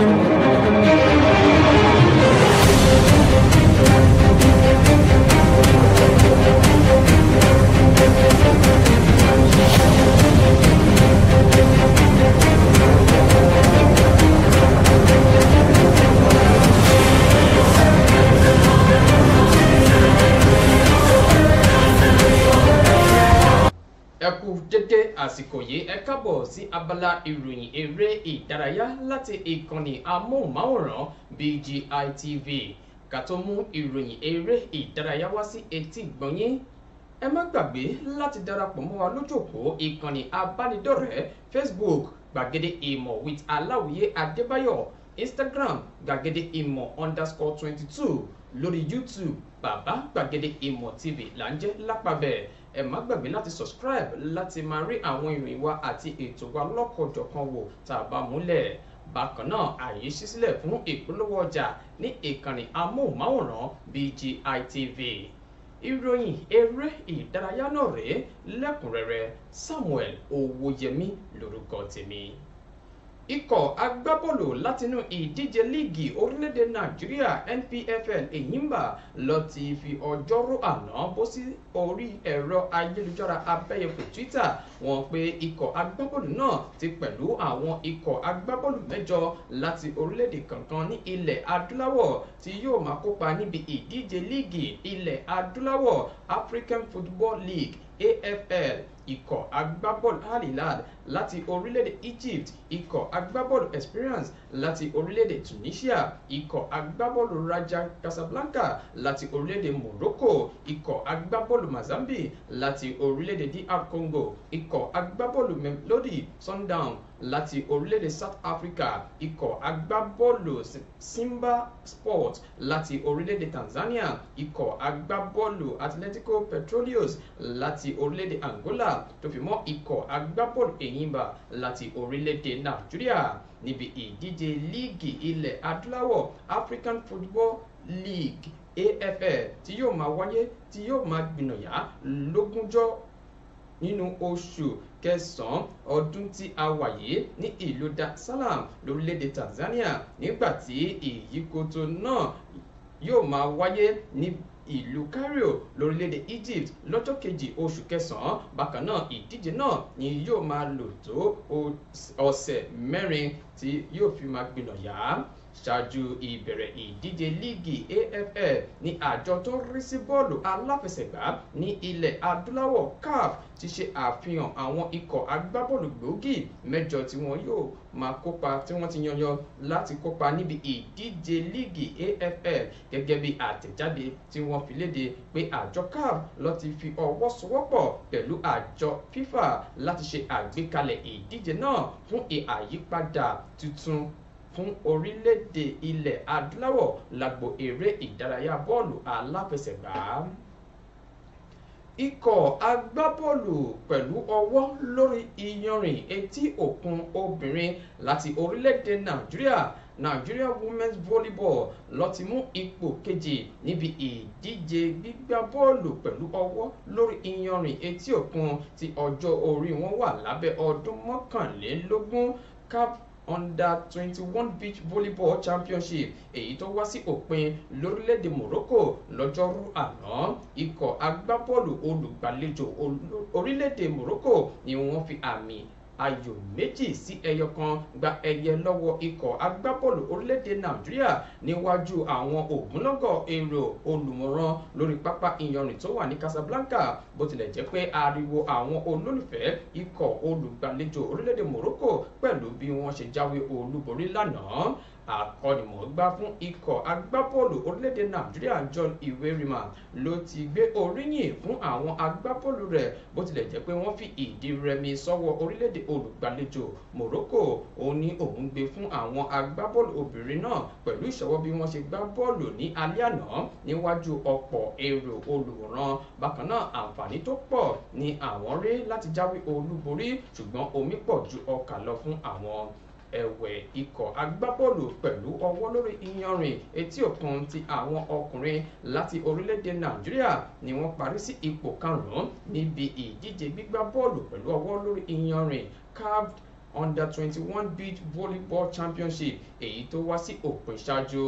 Thank you. ẹ kú dédé àsìkò yìí ẹ kábọ̀ sí abala ìròyìn eré ìdárayá láti ìkànnì amóhùnmáwòrán BGI TV ká tó mú ìròyìn eré ìdárayá wá sí etí gbọ̀nyín ẹ má gbàgbé láti darapọ̀ mọ́ wa lójú ìkànnì abánidọ́rẹ̀ẹ́ Facebook gbàgede ìmọ̀ with aláwìyé adébáyọ̀ Instagram gbàgede ìmọ̀ underscore twenty two lórí YouTube bàbá gbàgede ìmọ̀ TV là ń jẹ́ lápàbẹ̀ ẹ má gbàgbé láti subscribe láti máa rí àwọn ìrìn wa àti ètò wa lọ́kọ̀ọ̀jọ̀kan wò tá a bá múlẹ̀ bákan náà àyè ṣí sílẹ̀ fún ìpolówó ọjà ní ìkànnì amóhùnmáwòrán BGI TV ìròyìn eré ìdárayá náà rèé lẹ́kùnrẹ́rẹ́ Samuel Owóyẹmí lórúkọ tèmi ikọ̀ agbábọ́ọ̀lù látinú ìdíje líìgì orílẹ̀-èdè nàìjíríà NPFL enyimba ló ti fi ọjọ́rú àná bó sí orí ẹ̀rọ ayélujára abẹ́yẹfò Twitter wọ́n pé ikọ̀ agbábọ́ọ̀lù náà ti pẹ̀lú àwọn ikọ̀ agbábọ́ọ̀lù mẹ́jọ láti orílẹ̀-èdè kankan ní ilẹ̀ adúláwọ̀ tí yóò máa kópa níbi ìdíje líìgì ilẹ̀ adúláwọ̀ African Football League AFL ikọ̀ agbábọ́ọ̀lù Alilad. Hilal láti orílẹ̀-èdè Egypt ikọ̀ agbábọ́ọ̀lù experience. láti orílẹ̀-èdè Tunisia ikọ̀ agbábọ́ọ̀lù Raja Casablanca láti orílẹ̀-èdè Morocco ikọ̀ agbábọ́ọ̀lù Mozambique láti orílẹ̀-èdè DR Congo ikọ̀ agbábọ́ọ̀lù Mamelodi Sundowns láti orílẹ̀-èdè South Africa ikọ̀ agbábọ́ọ̀lù Simba Sport láti orílẹ̀-èdè Tanzania ikọ̀ agbábọ́ọ̀lù Atletico Petroleos láti orílẹ̀-èdè Angola tó fi mọ́ ikọ̀ agbábọ́ọ̀lù Enyimba láti orílẹ̀-èdè Nàìjíríà níbi ìdíje líìgì ilẹ̀ adúláwọ̀ African Football League AFL tí yóò máa wáyé tí yóò máa gbìnàyà lógúnjọ́ nínú oṣù kẹsàn-án ọdún tí a wà yìí ní ìlú Dar es lórílẹ̀‐èdè Tanzania nígbàtí ìyíkoto náà yóò máa wáyé ní ìlú Cairo lórílẹ̀‐èdè Egypt lọ́jọ́ kejì oṣù kẹsàn-án bákan náà ìdíje náà ni yóò máa lò tó ọ̀sẹ̀ mẹ́rin tí yóò fi máa gbináyà ṣáájú ìbẹ̀rẹ̀ ìdíje líìgì AFL ní àjọ tó rí sí bọ́ọ̀lù aláfẹsẹ̀gbá ní ilẹ̀ adúláwọ̀ CAF ti ṣe àfihàn àwọn ikọ̀ agbábọ́ọ̀lù gbòógì mẹ́jọ tí wọ́n yóò máa kópa tí wọ́n ti yanyan láti kópa níbi ìdíje líìgì AFL gẹ́gẹ́ bí àtẹ̀jáde tí wọ́n fi léde pé àjọ CAF ló ti fi ọwọ́ sowọ́pọ̀ pẹ̀lú àjọ FIFA láti ṣe àgbékalẹ̀ ìdíje náà fún àyípadà tuntun fún orílẹ̀-èdè ilẹ̀ adúláwọ̀ lágbo eré ìdárayá bọ́ọ̀lù aláfẹsẹ̀gbá ikọ̀ agbábọ́ọ̀lù pẹ̀lú ọwọ́ lórí iyanrìn etí òkun obìnrin láti orílẹ̀-èdè nàìjíríà nàìjíríà women's volleyball ló ti mú ipò kejì níbi ìdíje gbígbá bọ́ọ̀lù pẹ̀lú ọwọ́ lórí iyanrìn etí òkun tí ọjọ́ orí wọn wà lábẹ́ ọdún mọ́kànlélógún cap under twenty one beach volleyball championship èyí tó wá sí òpin lórílẹ̀‐èdè Morocco lọ́jọ́rú àná ikọ̀ agbábọ́ọ̀lù olùgbàlejò orílẹ̀‐èdè Morocco ni wọ́n fi àmì ayò méjì sí ẹyọ kan gba ẹyẹ lọ́wọ́ ikọ̀ agbábọ́ọ̀lù orílẹ̀-èdè nàìjíríà níwájú àwọn ògúnlọ́gọ̀ èrò olùmọ̀ràn lórí pápá ìyanrìn tó wà ní Casablanca bó tilẹ̀ jẹ́ pé ariwo àwọn olólùfẹ́ ikọ̀ olùgbàlejò orílẹ̀-èdè Morocco pẹ̀lú bí wọ́n ṣe jáwé olúborí lánàá akọ́nimọ̀ọ́gbá fún ikọ̀ agbábọ́ọ̀lù orílẹ̀-èdè nàìjíríà john iwerima ló ti gbé oríyìn fún àwọn agbábọ́ọ̀lù rẹ̀ bó tilẹ̀ jẹ́ pé wọ́n fi ìdí rẹmi sọ́wọ́ orílẹ̀-èdè olùgbàlejò morocco òun ni òun gbé fún àwọn agbábọ́ọ̀lù obìnrin náà pẹ̀lú ìṣọwọ́ bí wọ́n ṣe gbá bọ́ọ̀lù ní alẹ́ àná níwájú ọ̀pọ̀ èrò olùwòran bákan náà àǹfààní tó pọ̀ ni àwọn rí láti jáwé olúborí ṣùgbọ́n omi pọ̀ ju ọkà lọ fún ẹ̀wẹ̀ ikọ̀ agbábọ́ọ̀lù pẹ̀lú ọwọ́ lórí iyanrìn etí òkun ti àwọn ọkùnrin láti orílẹ̀-èdè nàìjíríà ni wọ́n parí sí ipò karùn-ún níbi ìdíje gbígbá bọ́ọ̀lù pẹ̀lú ọwọ́ lórí iyanrìn carved under twenty one beach volleyball championship èyí tó wá sí òpin ṣáájú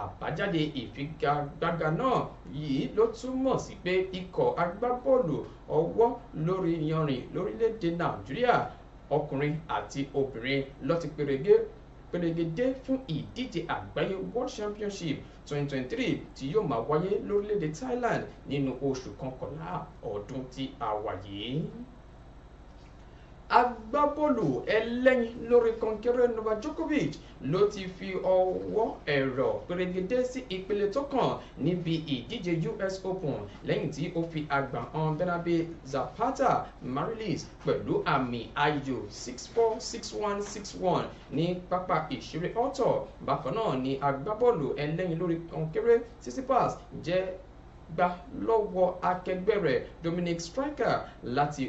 àbájáde ìfigagbága náà yìí ló túmọ̀ sí pé ikọ̀ agbábọ́ọ̀lù ọwọ́ lórí yanrìn lórílẹ̀‐èdè nàìjíríà ọkùnrin àti obìnrin ló ti pèrègé pèrègédé fún ìdíje àgbáyé world championship 2023 tí yóò máa wáyé lórílẹ̀‐èdè thailand nínú oṣù kọkànlá ọdún tí a wà yìí agbábọ́ọ̀lù ẹlẹ́yin lórí kọnkéré Novak Djokovic ló ti fi ọwọ́ ẹ̀rọ pèrègede sí ìpele tó kàn níbi ìdíje US Open lẹ́yìn tí ó fi àgbà hàn Bernabe Zapata Marilis pẹ̀lú àmì ayò six four six one six one ní pápá ìṣeré ọ̀tọ̀ bákan náà ni agbábọ́ọ̀lù ẹlẹ́yin lórí kọnkéré Tsitsipas jẹ́ gbà lọ́wọ́ akẹgbẹ́ rẹ̀ Dominic Striker láti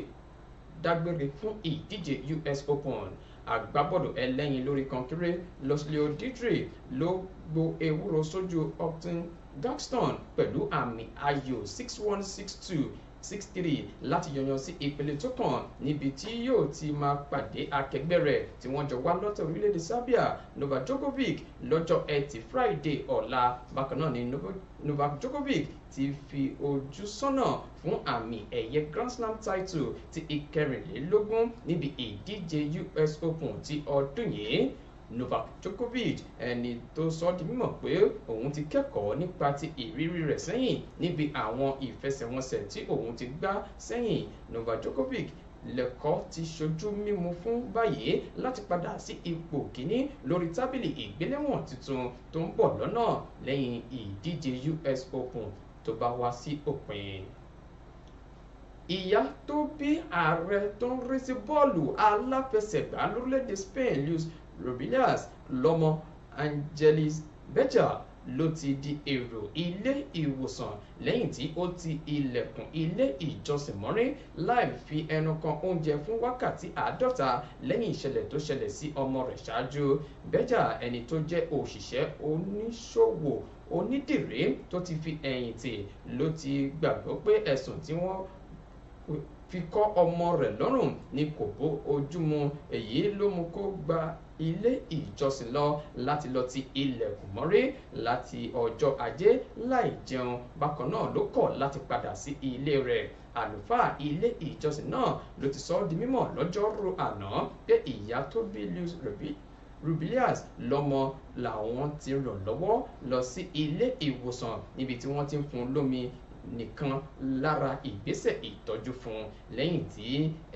dágbére fún ìdíje US Open àgbábọ́ọ̀lù ẹlẹ́yin lórí kọnkéré Luslio Dietrich ló gbo ewúro sójú Upton Duxton pẹ̀lú àmì ayò six one six two 63. three láti yọyan sí ìpele tó kàn níbi tí yóò ti máa pàdé akẹgbẹ́ rẹ̀ tí wọ́n jọ wá lọ́tọ̀ orílẹ̀-èdè Serbia Novak Djokovic lọ́jọ́ ẹtì Friday ọ̀la bákan náà ni Novak Djokovic ti fi ojú sọ́nà fún àmì ẹ̀yẹ Grand Slam title ti ìkẹrìnlélógún níbi ìdíje US Open ti ọdún yìí Novak Djokovic ẹni tó sọ di mímọ̀ pé òun ti kẹ́kọ̀ọ́ nípa ti ìrírí rẹ̀ sẹ́yìn níbi àwọn ìfẹsẹ̀wọnsẹ̀ tí òun ti gbá sẹ́yìn Novak Djokovic lẹ́kọ̀ọ́ ti ṣojú mímu fún báyìí láti padà sí ipò kíní lórí tábìlì ìgbéléwọ̀n tuntun tó ń bọ̀ lọ́nà lẹ́yìn ìdíje US Open tó bá wá sí òpin ìyá tó bí ààrẹ tó ń rí sí bọ́ọ̀lù aláfẹsẹ̀gbá lórílẹ̀‐èdè Spain Luis Rubilas lọ́mọ Angelis Bẹ́jà ló ti di èrò ilé ìwòsàn lẹ́yìn tí ó ti ilẹ̀kùn ilé ìjọsìn mọ́rí láì fi ẹnu kan oúnjẹ fún wákàtí àádọ́ta lẹ́yìn ìṣẹ̀lẹ̀ tó ṣẹlẹ̀ sí ọmọ rẹ̀ ṣáájú Bẹ́jà ẹni tó jẹ́ òṣìṣẹ́ oníṣòwò onídìrí tó ti fi ẹ̀yìn tì ló ti gbàgbọ́ pé ẹ̀sùn tí wọ́n fi kọ́ ọmọ rẹ̀ lọ́rùn ni kò bó ojú èyí ló mú kó gba ilé ìjọsìn lọ láti lọ ti ilẹ̀kùn mọ́rí láti ọjọ́ ajé láì jẹun bákan náà ló kọ̀ láti padà sí ilé rẹ̀ àlùfáà ilé ìjọsìn náà ló ti sọ ọ́ di mímọ̀ lọ́jọ́rú àná pé ìyá tó bí lewis rẹ̀bí Rubilias lọ́mọ làwọn ti ràn lọ́wọ́ lọ sí ilé ìwòsàn níbi tí wọ́n ti ń fún lómi nìkan lára ìgbésẹ̀ ìtọ́jú fún un lẹ́yìn tí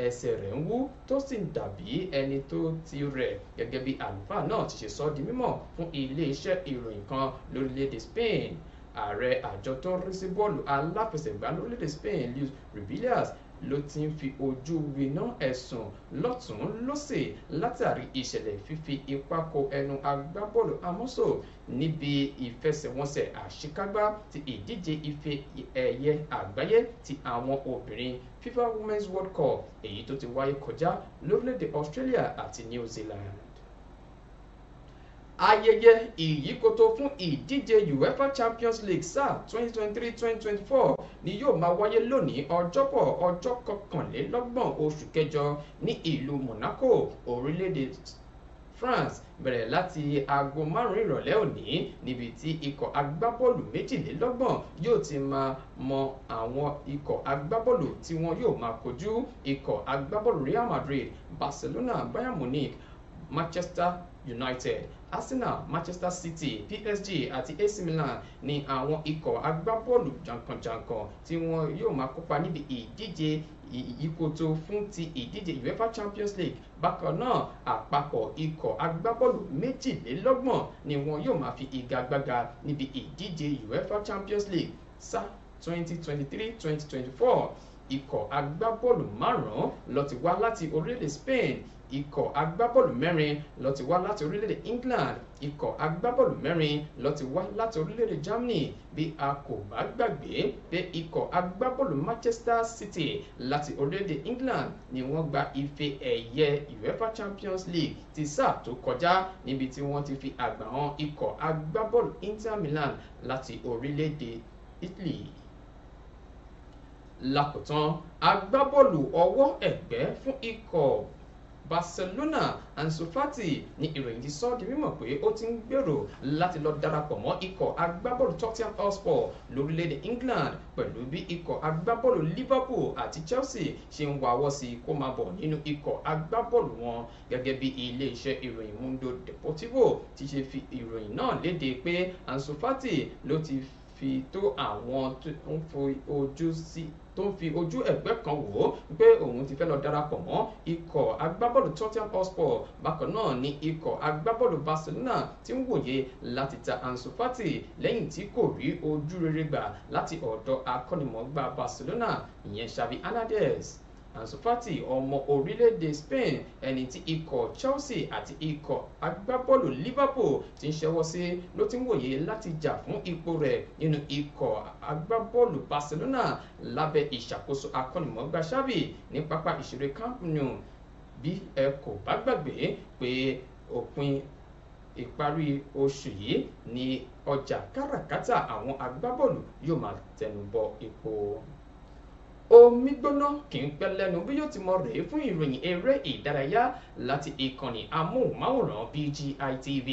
ẹsẹ̀ rẹ̀ ń wú tó sì ń dàbí ẹni tó ti rẹ̀ gẹ́gẹ́ bí àlùfáà náà ti ṣe sọ́ di mímọ̀ fún iléeṣẹ́ ìròyìn kan lórílẹ̀‐èdè Spain ààrẹ àjọ tó ń rí sí bọ́ọ̀lù aláfẹsẹ̀gbá lórílẹ̀‐èdè Spain Luis Rubiales ló ti ń fi ojú winá ẹ̀sùn lọ́tún lọ́sì látàrí ìṣẹ̀lẹ̀ fífi ipá ko ẹnu agbábọ́ọ̀lù amọ́sọ̀ níbi ìfẹsẹ̀wọnsẹ̀ àṣekágbá ti ìdíje ife ẹ̀yẹ àgbáyé ti àwọn obìnrin FIFA Women's World Cup èyí tó ti wáyé kọjá lórílẹ̀‐èdè Australia àti New Zealand ayẹyẹ ìyíkoto fún ìdíje uefa champions league sáà 2023-2024 three twenty twenty four ni yóò máa wáyé lónìí ọjọ́bọ̀ ọjọ́ kọkànlélọ́gbọ̀n oṣù kẹjọ ní ìlú monaco orílẹ̀-èdè france bẹ̀rẹ̀ láti aago márùn-ún ìrọ̀lẹ́ òní níbi tí ikọ̀ agbábọ́ọ̀lù méjìlélọ́gbọ̀n yóò ti máa mọ àwọn ikọ̀ agbábọ́ọ̀lù tí wọn yóò máa kojú ikọ̀ agbábọ́ọ̀lù real madrid barcelona bayern munich Manchester United Arsenal Manchester City PSG àti AC Milan ni àwọn ikọ̀ agbábọ́ọ̀lù jàǹkànjàǹkàn tí wọn yóò máa kópa níbi ìdíje ìyíkoto fún ti ìdíje UEFA Champions League bákan náà àpapọ̀ ikọ̀ agbábọ́ọ̀lù méjìlélọ́gbọ̀n ni wọn yóò máa fi ìgagbága níbi ìdíje UEFA Champions League sáà 2023-2024 ikọ̀ agbábọ́ọ̀lù márùn-ún ló ti wá láti orílẹ̀-èdè Spain ikọ̀ agbábọ́ọ̀lù mẹ́rin ló ti wá láti orílẹ̀-èdè England ikọ̀ agbábọ́ọ̀lù mẹ́rin ló ti wá láti orílẹ̀-èdè Germany bí a kò bá gbàgbé pé ikọ̀ agbábọ́ọ̀lù Manchester City láti orílẹ̀-èdè England ni wọ́n gba ife ẹ̀yẹ UEFA Champions League ti sáà tó kọjá níbi tí wọ́n ti fi àgbà hàn ikọ̀ agbábọ́ọ̀lù Inter Milan láti orílẹ̀-èdè Italy lákòótán agbábọ́ọ̀lù ọwọ́ ẹ̀gbẹ́ fún ikọ̀ Barcelona Ansu Fati ní ìròyìn ti sọ di mímọ̀ pé ó ti ń gbèrò láti lọ darapọ̀ mọ́ ikọ̀ agbábọ́ọ̀lù Tottenham Hotspur lórílẹ̀‐èdè England pẹ̀lú bí ikọ̀ agbábọ́ọ̀lù Liverpool àti Chelsea ṣe ń wáwọ́ sí kó máa bọ̀ nínú ikọ̀ agbábọ́ọ̀lù wọn gẹ́gẹ́ bí iléeṣẹ́ ìròyìn Mundo Deportivo ti ṣe fi ìròyìn náà léde pé Ansu Fati ló ti fi tó àwọn tó ń fi ojú sí tó ń fi ojú ẹ̀gbẹ́ kan wò ó pé òun ti fẹ́ lọ darapọ̀ mọ́ ikọ̀ agbábọ́ọ̀lù Tottenham Hotspur bákan náà ni ikọ̀ agbábọ́ọ̀lù Barcelona ti ń wòye láti ta Ansu Fati lẹ́yìn tí kò rí ojú rere gbà láti ọ̀dọ̀ akọ́nimọ̀ọ́gbà Barcelona ìyẹn Xavi Hernandez Ansu Fati ọmọ orílẹ̀-èdè Spain ẹni tí ikọ̀ Chelsea àti ikọ̀ agbábọ́ọ̀lù Liverpool ti ń ṣẹ́wọ́ sí ló ti ń wòye láti jà fún ipò rẹ̀ nínú ikọ̀ agbábọ́ọ̀lù Barcelona lábẹ́ ìṣàkóso akọ́nìmọ̀ọ́gbá Xavi ní pápá ìṣeré Camp Nou bí ẹ kò bá gbàgbé pé òpin ìparí oṣù yìí ni ọjà káràkátà àwọn agbábọ́ọ̀lù yóò máa tẹnubọ epo omi gbóná kì í pẹ́ lẹ́nu bí yóò ti mọ rèé fún ìròyìn eré ìdárayá láti ìkànnì amóhùnmáwòrán BGITV. TV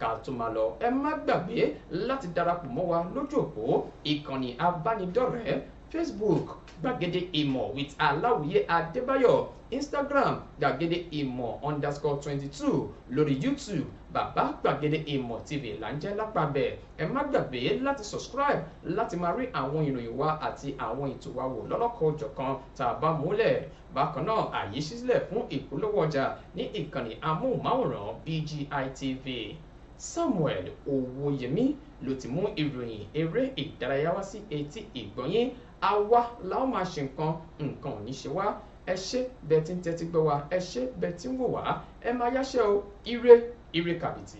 ká tó máa lọ ẹ má gbàgbé láti darapọ̀ mọ́ wa lójú òpó ìkànnì abánidọ́rẹ̀ẹ́ facebook gbàgede ìmọ̀ with aláwìyé adébáyọ̀ instagram gbàgede ìmọ̀ underscore twenty two lórí youtube bàbá gbàgede ìmọ̀ tv là ń jẹ́ lápàbẹ̀ ẹ má gbàgbé láti subscribe láti máa rí àwọn ìròyìn wa àti àwọn ètò wa wò lọ́lọ́kọ̀ òjọ̀kan tá a bá múlẹ̀ bákan náà àyè sílẹ̀ fún ìpolówó ọjà ní ìkànnì amóhùnmáwòrán BGI TV Samuel Owóyẹmí ló ti mú ìròyìn eré ìdárayá wá sí etí ìgbọ́yín àwa la ó máa ṣe nǹkan nǹkan ò ní ṣe wá ẹ ṣé bẹ́ẹ̀ tí ń tẹ́tí gbọ́ wa ẹ ṣé bẹ́ẹ̀ tí ń wò wá ẹ máa yáṣẹ́ o ire ire kàbìtì.